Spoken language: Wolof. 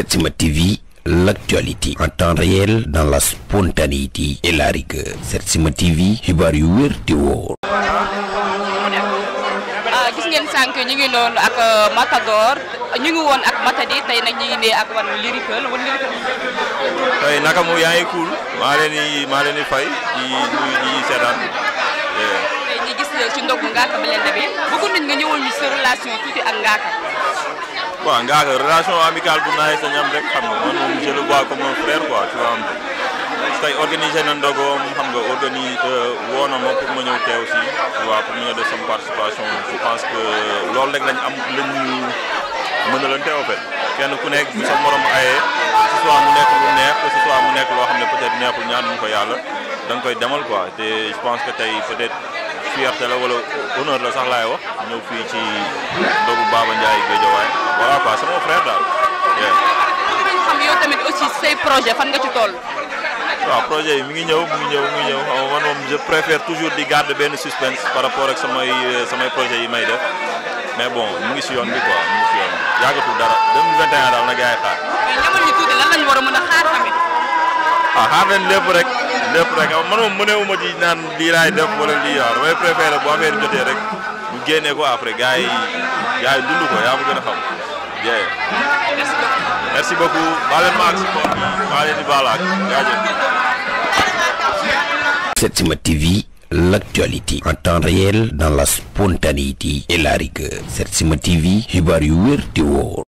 Setsima TV l'actualité en temps réel dans la spontanéité et la rigueur Setsima TV xibaar yu wér di ah, gis ngeen sànq ñu ngi noonu ak euh, Matador ñu ngi woon ak Matadi tey nag ñu ngi nee ak wan Lirikal wan Lirikal tey naka kuul maa leen di maa leen di fay di di seetaan tey ñu gis euh, ci ndogu Ngaaka Blindé bi bëggoon nañ nga ñëwoon ñu sa relation tuuti ak Ngaaka bon ngaa ko relation amicale bu naay sa am rek xam nga man moom je le vois comme un frère quoi tu vois tey na ndogoom xam nga organisé euh, woo na ma pour ma ñëw teew si waaw pour ma ñëw def sama participation je pense que loolu rek lañ am lañ ñu mën a leen teew fekk kenn ku nekk sa morom ayee que ce soit mu nekk loo xam ne peut-être neexul ñaan mu ko yàlla da koy demal quoi te je pense que tey peut fierté la wala honneur la sax laay wax ñëw fii ci ndogu Baba Ndiaye Guédiawaye voilà quoi c'est mon frère daal. waaw xam yow tamit aussi say projet fan nga ci toll. waaw projet yi mi ngi ñëw mi ngi ñëw mi ngi ñëw xaw man moom je préfère toujours di garder benn suspense par rapport ak samay euh, samay projet yi may def mais bon mu ngi si yoon bi quoi mu ngi si yoon bi yàggatul dara 2021 daal na gars xaar. mais ñamal ñu tuuti lan lañu war a mën a xaar tamit. ah xaar lépp rek man moom mënewuma ci naan lii laay def wala lii waaw damay préféré bu affaire jotee rek ñu génnee ko après gars yi gars yi dund ko yaa ma gën a xam jee merci beaucoup baleen ma ak si koor bi maa leen di baal ak jaajëf Setsima TV l'actualité en temps réel dans la spontanéité et la rigueur Setsima TV xibaar yu wér te wóor